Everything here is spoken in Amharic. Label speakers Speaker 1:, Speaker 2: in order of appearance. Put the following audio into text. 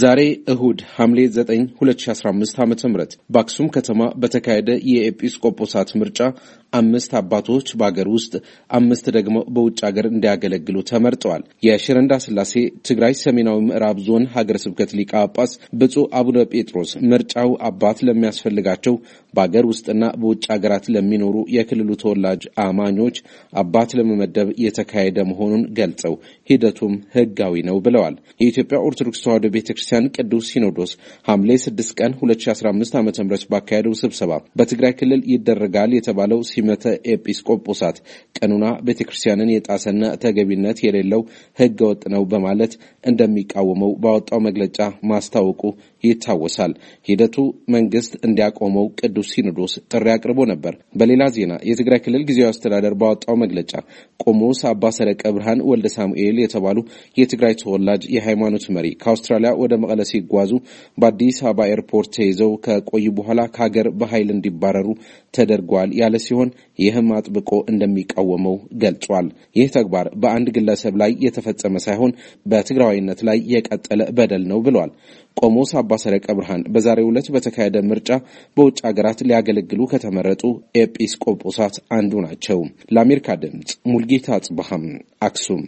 Speaker 1: ዛሬ እሁድ ሐምሌ 9 2015 ዓ ም በአክሱም ከተማ በተካሄደ የኤጲስቆጶሳት ምርጫ አምስት አባቶች በአገር ውስጥ አምስት ደግሞ በውጭ አገር እንዲያገለግሉ ተመርጠዋል። የሽረንዳ ስላሴ ትግራይ ሰሜናዊ ምዕራብ ዞን ሀገረ ስብከት ሊቀ ጳጳስ ብፁዕ አቡነ ጴጥሮስ ምርጫው አባት ለሚያስፈልጋቸው በአገር ውስጥና በውጭ ሀገራት ለሚኖሩ የክልሉ ተወላጅ አማኞች አባት ለመመደብ የተካሄደ መሆኑን ገልጸው ሂደቱም ህጋዊ ነው ብለዋል። የኢትዮጵያ ኦርቶዶክስ ተዋሕዶ ቤተ ክርስቲያን ቅዱስ ሲኖዶስ ሐምሌ 6 ቀን 2015 ዓ ም ባካሄደው ስብሰባ በትግራይ ክልል ይደረጋል የተባለው ሲመተ ኤጲስቆጶሳት ቀኑና ቤተ ክርስቲያንን የጣሰና ተገቢነት የሌለው ህገ ወጥ ነው በማለት እንደሚቃወመው ባወጣው መግለጫ ማስታወቁ ይታወሳል። ሂደቱ መንግስት እንዲያቆመው ቅዱስ ቅዱስ ሲኖዶስ ጥሪ አቅርቦ ነበር። በሌላ ዜና የትግራይ ክልል ጊዜያዊ አስተዳደር ባወጣው መግለጫ ቆሞስ አባ ሰረቀ ብርሃን ወልደ ሳሙኤል የተባሉ የትግራይ ተወላጅ የሃይማኖት መሪ ከአውስትራሊያ ወደ መቀለ ሲጓዙ በአዲስ አበባ ኤርፖርት ተይዘው ከቆዩ በኋላ ከሀገር በኃይል እንዲባረሩ ተደርጓል ያለ ሲሆን ይህም አጥብቆ እንደሚቃወመው ገልጿል። ይህ ተግባር በአንድ ግለሰብ ላይ የተፈጸመ ሳይሆን በትግራዊነት ላይ የቀጠለ በደል ነው ብሏል። ቆሞስ አባ ሰረቀ ብርሃን በዛሬው ዕለት በተካሄደ ምርጫ በውጭ ሀገራት አድባራት ሊያገለግሉ ከተመረጡ ኤጲስቆጶሳት አንዱ ናቸው። ለአሜሪካ ድምፅ ሙልጌታ አጽባሃም አክሱም